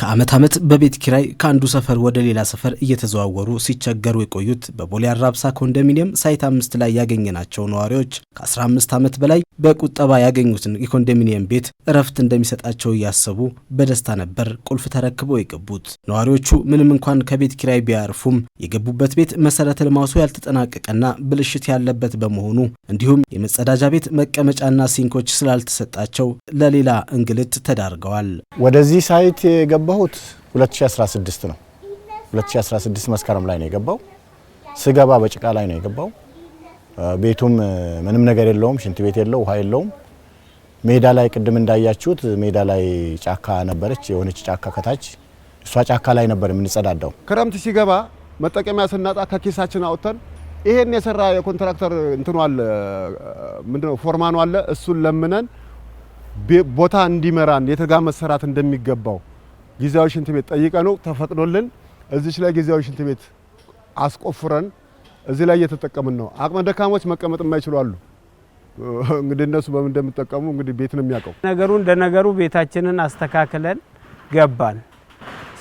ከዓመት ዓመት በቤት ኪራይ ከአንዱ ሰፈር ወደ ሌላ ሰፈር እየተዘዋወሩ ሲቸገሩ የቆዩት በቦሌ አራብሳ ኮንዶሚኒየም ሳይት አምስት ላይ ያገኘናቸው ነዋሪዎች ከ15 ዓመት በላይ በቁጠባ ያገኙትን የኮንዶሚኒየም ቤት እረፍት እንደሚሰጣቸው እያሰቡ በደስታ ነበር ቁልፍ ተረክበው የገቡት። ነዋሪዎቹ ምንም እንኳን ከቤት ኪራይ ቢያርፉም የገቡበት ቤት መሰረተ ልማቱ ያልተጠናቀቀና ብልሽት ያለበት በመሆኑ እንዲሁም የመጸዳጃ ቤት መቀመጫና ሲንኮች ስላልተሰጣቸው ለሌላ እንግልት ተዳርገዋል። ወደዚህ ሳይት የገባ የገባሁት 2016 ነው። 2016 መስከረም ላይ ነው የገባው። ስገባ በጭቃ ላይ ነው የገባው። ቤቱም ምንም ነገር የለውም። ሽንት ቤት የለው፣ ውሃ የለውም። ሜዳ ላይ ቅድም እንዳያችሁት ሜዳ ላይ ጫካ ነበረች፣ የሆነች ጫካ ከታች እሷ ጫካ ላይ ነበር የምንጸዳዳው። ክረምት ሲገባ መጠቀሚያ ስናጣ ከኪሳችን አውጥተን ይሄን የሰራ የኮንትራክተር እንትኑ አለ ምንድነው ፎርማኑ አለ እሱን ለምነን ቦታ እንዲመራን የተጋ መሰራት እንደሚገባው ጊዜያዊ ሽንት ቤት ጠይቀ ተፈቅዶልን እዚች ላይ ጊዜያዊ ሽንት ቤት አስቆፍረን እዚህ ላይ እየተጠቀምን ነው። አቅመ ደካሞች መቀመጥ የማይችሉ አሉ። እንግዲህ እነሱ በምን እንደምጠቀሙ እንግዲህ ቤት ነው የሚያውቀው። ነገሩ እንደ ነገሩ ቤታችንን አስተካክለን ገባን።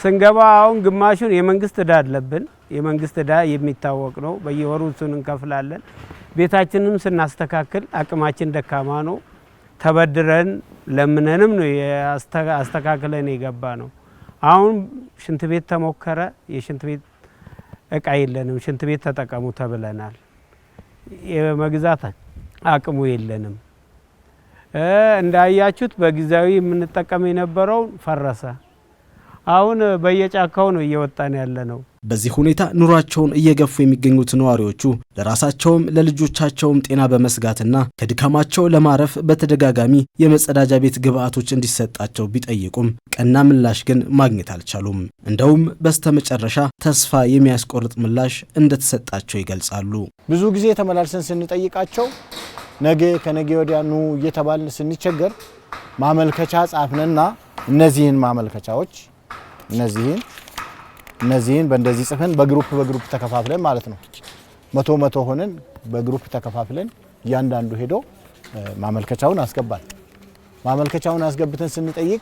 ስንገባ አሁን ግማሹን የመንግስት እዳ አለብን። የመንግስት እዳ የሚታወቅ ነው። በየወሩ እሱን እንከፍላለን። ቤታችንም ስናስተካክል አቅማችን ደካማ ነው። ተበድረን ለምነንም ነው አስተካክለን የገባ ነው። አሁን ሽንት ቤት ተሞከረ። የሽንት ቤት እቃ የለንም፣ ሽንት ቤት ተጠቀሙ ተብለናል። የመግዛት አቅሙ የለንም። እንዳያችሁት በጊዜያዊ የምንጠቀም የነበረው ፈረሰ። አሁን በየጫካው ነው እየወጣን ያለ ነው። በዚህ ሁኔታ ኑሯቸውን እየገፉ የሚገኙት ነዋሪዎቹ ለራሳቸውም ለልጆቻቸውም ጤና በመስጋትና ከድካማቸው ለማረፍ በተደጋጋሚ የመጸዳጃ ቤት ግብዓቶች እንዲሰጣቸው ቢጠይቁም ቀና ምላሽ ግን ማግኘት አልቻሉም። እንደውም በስተመጨረሻ ተስፋ የሚያስቆርጥ ምላሽ እንደተሰጣቸው ይገልጻሉ። ብዙ ጊዜ ተመላልሰን ስንጠይቃቸው ነገ ከነገ ወዲያ ኑ እየተባልን ስንቸገር ማመልከቻ ጻፍንና እነዚህን ማመልከቻዎች እነዚህን እነዚህን በእንደዚህ ጽፈን በግሩፕ በግሩፕ ተከፋፍለን ማለት ነው መቶ መቶ ሆነን በግሩፕ ተከፋፍለን እያንዳንዱ ሄዶ ማመልከቻውን አስገባል። ማመልከቻውን አስገብተን ስንጠይቅ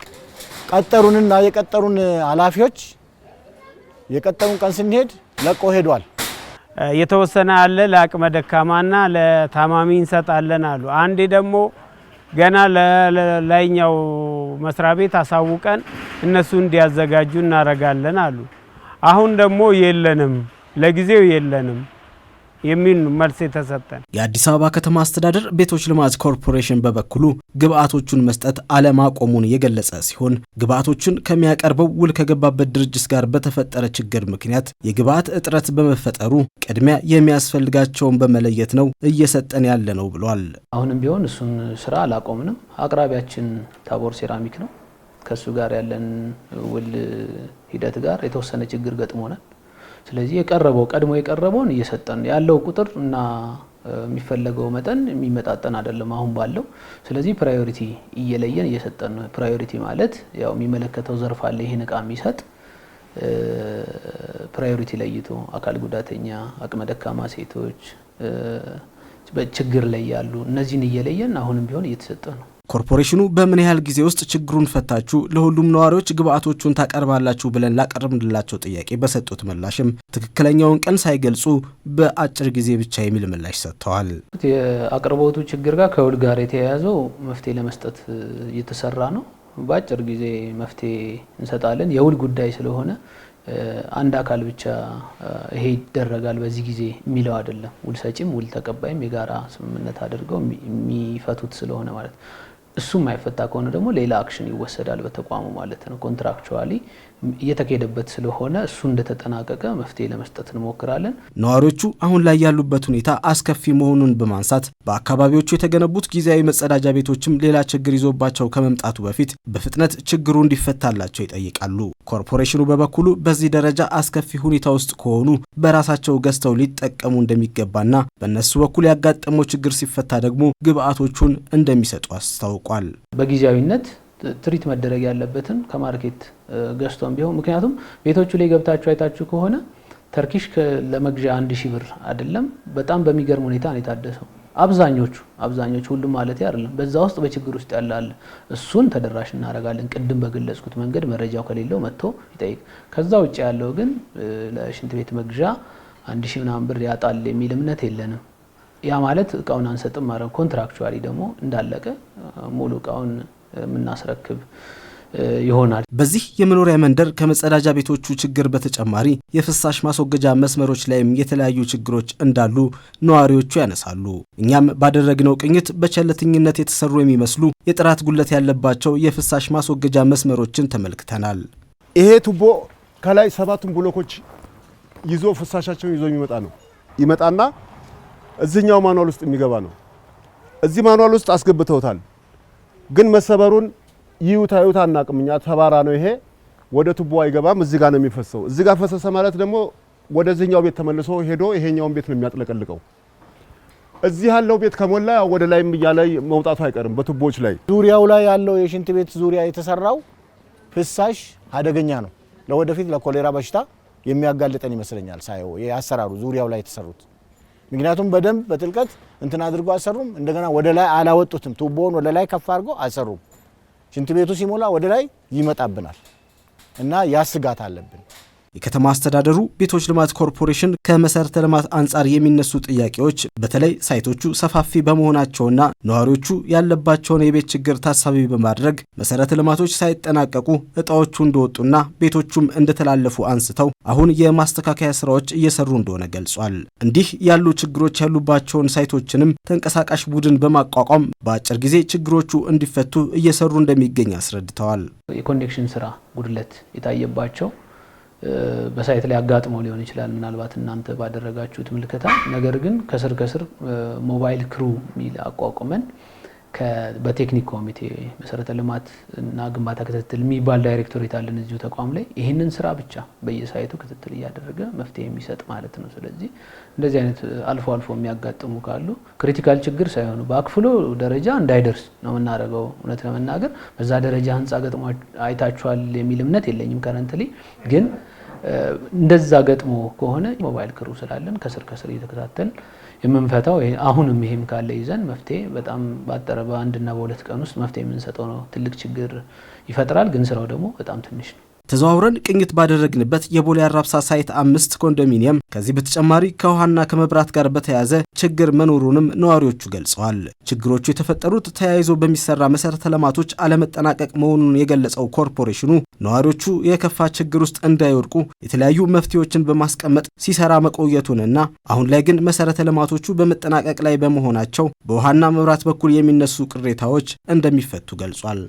ቀጠሩንና የቀጠሩን ኃላፊዎች የቀጠሩን ቀን ስንሄድ ለቆ ሄዷል። የተወሰነ አለ ለአቅመ ደካማና ለታማሚ እንሰጣለን አሉ። አንዴ ደግሞ ገና ለላይኛው መስሪያ ቤት አሳውቀን እነሱ እንዲያዘጋጁ እናደርጋለን አሉ። አሁን ደግሞ የለንም፣ ለጊዜው የለንም የሚል መልስ የተሰጠን። የአዲስ አበባ ከተማ አስተዳደር ቤቶች ልማት ኮርፖሬሽን በበኩሉ ግብአቶቹን መስጠት አለማቆሙን የገለጸ ሲሆን ግብአቶቹን ከሚያቀርበው ውል ከገባበት ድርጅት ጋር በተፈጠረ ችግር ምክንያት የግብአት እጥረት በመፈጠሩ ቅድሚያ የሚያስፈልጋቸውን በመለየት ነው እየሰጠን ያለ ነው ብሏል። አሁንም ቢሆን እሱን ስራ አላቆምንም። አቅራቢያችን ታቦር ሴራሚክ ነው። ከእሱ ጋር ያለን ውል ሂደት ጋር የተወሰነ ችግር ገጥሞናል። ስለዚህ የቀረበው ቀድሞ የቀረበውን እየሰጠን ያለው ቁጥር እና የሚፈለገው መጠን የሚመጣጠን አይደለም አሁን ባለው። ስለዚህ ፕራዮሪቲ እየለየን እየሰጠን ነው። ፕራዮሪቲ ማለት ያው የሚመለከተው ዘርፍ አለ ይህን እቃ የሚሰጥ ፕራዮሪቲ ለይቶ አካል ጉዳተኛ፣ አቅመ ደካማ ሴቶች፣ በችግር ላይ ያሉ እነዚህን እየለየን አሁንም ቢሆን እየተሰጠ ነው። ኮርፖሬሽኑ በምን ያህል ጊዜ ውስጥ ችግሩን ፈታችሁ ለሁሉም ነዋሪዎች ግብአቶቹን ታቀርባላችሁ ብለን ላቀርብንላቸው ጥያቄ በሰጡት ምላሽም ትክክለኛውን ቀን ሳይገልጹ በአጭር ጊዜ ብቻ የሚል ምላሽ ሰጥተዋል። የአቅርቦቱ ችግር ጋር ከውል ጋር የተያያዘው መፍትሄ ለመስጠት እየተሰራ ነው። በአጭር ጊዜ መፍትሄ እንሰጣለን። የውል ጉዳይ ስለሆነ አንድ አካል ብቻ ይሄ ይደረጋል በዚህ ጊዜ የሚለው አይደለም። ውል ሰጪም ውል ተቀባይም የጋራ ስምምነት አድርገው የሚፈቱት ስለሆነ ማለት ነው። እሱ የማይፈታ ከሆነ ደግሞ ሌላ አክሽን ይወሰዳል በተቋሙ ማለት ነው። ኮንትራክቹዋሊ እየተካሄደበት ስለሆነ እሱ እንደተጠናቀቀ መፍትሄ ለመስጠት እንሞክራለን። ነዋሪዎቹ አሁን ላይ ያሉበት ሁኔታ አስከፊ መሆኑን በማንሳት በአካባቢዎቹ የተገነቡት ጊዜያዊ መጸዳጃ ቤቶችም ሌላ ችግር ይዞባቸው ከመምጣቱ በፊት በፍጥነት ችግሩ እንዲፈታላቸው ይጠይቃሉ። ኮርፖሬሽኑ በበኩሉ በዚህ ደረጃ አስከፊ ሁኔታ ውስጥ ከሆኑ በራሳቸው ገዝተው ሊጠቀሙ እንደሚገባና በእነሱ በኩል ያጋጠመው ችግር ሲፈታ ደግሞ ግብአቶቹን እንደሚሰጡ አስታውቋል። በጊዜያዊነት ትሪት መደረግ ያለበትን ከማርኬት ገዝቶም ቢሆን ምክንያቱም ቤቶቹ ላይ ገብታችሁ አይታችሁ ከሆነ ተርኪሽ ለመግዣ አንድ ሺ ብር አይደለም፣ በጣም በሚገርም ሁኔታ ነው የታደሰው። አብዛኞቹ አብዛኞቹ ሁሉም ማለት አይደለም። በዛ ውስጥ በችግር ውስጥ ያለ አለ። እሱን ተደራሽ እናደርጋለን። ቅድም በገለጽኩት መንገድ መረጃው ከሌለው መጥቶ ይጠይቅ። ከዛ ውጭ ያለው ግን ለሽንት ቤት መግዣ አንድ ሺህ ምናምን ብር ያጣል የሚል እምነት የለንም። ያ ማለት እቃውን አንሰጥም ማረ ኮንትራክቹዋሊ ደግሞ እንዳለቀ ሙሉ እቃውን የምናስረክብ ይሆናል። በዚህ የመኖሪያ መንደር ከመጸዳጃ ቤቶቹ ችግር በተጨማሪ የፍሳሽ ማስወገጃ መስመሮች ላይም የተለያዩ ችግሮች እንዳሉ ነዋሪዎቹ ያነሳሉ። እኛም ባደረግነው ቅኝት በቸለተኝነት የተሰሩ የሚመስሉ የጥራት ጉለት ያለባቸው የፍሳሽ ማስወገጃ መስመሮችን ተመልክተናል። ይሄ ቱቦ ከላይ ሰባቱን ብሎኮች ይዞ ፍሳሻቸውን ይዞ የሚመጣ ነው። ይመጣና እዚህኛው ማኗል ውስጥ የሚገባ ነው። እዚህ ማኗል ውስጥ አስገብተውታል፣ ግን መሰበሩን ይዩታ ይዩታ አናቅምኛ ተባራ ነው ይሄ። ወደ ቱቦ አይገባም። እዚህ ጋር ነው የሚፈሰው። እዚህ ጋር ፈሰሰ ማለት ደግሞ ወደዚህኛው ቤት ተመልሶ ሄዶ ይሄኛውን ቤት ነው የሚያጥለቀልቀው። እዚህ ያለው ቤት ከሞላ ወደ ላይም እያለ መውጣቱ አይቀርም በቱቦዎች ላይ። ዙሪያው ላይ ያለው የሽንት ቤት ዙሪያ የተሰራው ፍሳሽ አደገኛ ነው። ለወደፊት ለኮሌራ በሽታ የሚያጋልጠን ይመስለኛል ሳየው የአሰራሩ ዙሪያው ላይ የተሰሩት። ምክንያቱም በደንብ በጥልቀት እንትን አድርጎ አሰሩም እንደገና ወደ ላይ አላወጡትም። ቱቦውን ወደ ላይ ከፍ አድርጎ አሰሩም። ሽንት ቤቱ ሲሞላ ወደ ላይ ይመጣብናል እና ያ ስጋት አለብን። የከተማ አስተዳደሩ ቤቶች ልማት ኮርፖሬሽን ከመሰረተ ልማት አንጻር የሚነሱ ጥያቄዎች በተለይ ሳይቶቹ ሰፋፊ በመሆናቸውና ነዋሪዎቹ ያለባቸውን የቤት ችግር ታሳቢ በማድረግ መሰረተ ልማቶች ሳይጠናቀቁ እጣዎቹ እንደወጡና ቤቶቹም እንደተላለፉ አንስተው አሁን የማስተካከያ ስራዎች እየሰሩ እንደሆነ ገልጿል። እንዲህ ያሉ ችግሮች ያሉባቸውን ሳይቶችንም ተንቀሳቃሽ ቡድን በማቋቋም በአጭር ጊዜ ችግሮቹ እንዲፈቱ እየሰሩ እንደሚገኝ አስረድተዋል። የኮኔክሽን ስራ ጉድለት የታየባቸው በሳይት ላይ አጋጥመው ሊሆን ይችላል ምናልባት እናንተ ባደረጋችሁት ምልከታ። ነገር ግን ከስር ከስር ሞባይል ክሩ የሚል አቋቁመን በቴክኒክ ኮሚቴ መሰረተ ልማት እና ግንባታ ክትትል የሚባል ዳይሬክቶሬት አለን እዚሁ ተቋም ላይ ይህንን ስራ ብቻ በየሳይቱ ክትትል እያደረገ መፍትሄ የሚሰጥ ማለት ነው። ስለዚህ እንደዚህ አይነት አልፎ አልፎ የሚያጋጥሙ ካሉ ክሪቲካል ችግር ሳይሆኑ በአክፍሎ ደረጃ እንዳይደርስ ነው የምናደርገው። እውነት ለመናገር በዛ ደረጃ ህንፃ ገጥሞ አይታችኋል የሚል እምነት የለኝም። ከረንትሊ ግን እንደዛ ገጥሞ ከሆነ ሞባይል ክሩ ስላለን ከስር ከስር እየተከታተል የምንፈታው አሁንም ይሄም ካለ ይዘን መፍትሄ በጣም ባጠረ በአንድና በሁለት ቀን ውስጥ መፍትሄ የምንሰጠው ነው። ትልቅ ችግር ይፈጥራል፣ ግን ስራው ደግሞ በጣም ትንሽ ነው። ተዘዋውረን ቅኝት ባደረግንበት የቦሌ አራብሳ ሳይት አምስት ኮንዶሚኒየም ከዚህ በተጨማሪ ከውሃና ከመብራት ጋር በተያያዘ ችግር መኖሩንም ነዋሪዎቹ ገልጸዋል። ችግሮቹ የተፈጠሩት ተያይዞ በሚሰራ መሰረተ ልማቶች አለመጠናቀቅ መሆኑን የገለጸው ኮርፖሬሽኑ ነዋሪዎቹ የከፋ ችግር ውስጥ እንዳይወድቁ የተለያዩ መፍትሄዎችን በማስቀመጥ ሲሰራ መቆየቱንና አሁን ላይ ግን መሰረተ ልማቶቹ በመጠናቀቅ ላይ በመሆናቸው በውሃና መብራት በኩል የሚነሱ ቅሬታዎች እንደሚፈቱ ገልጿል።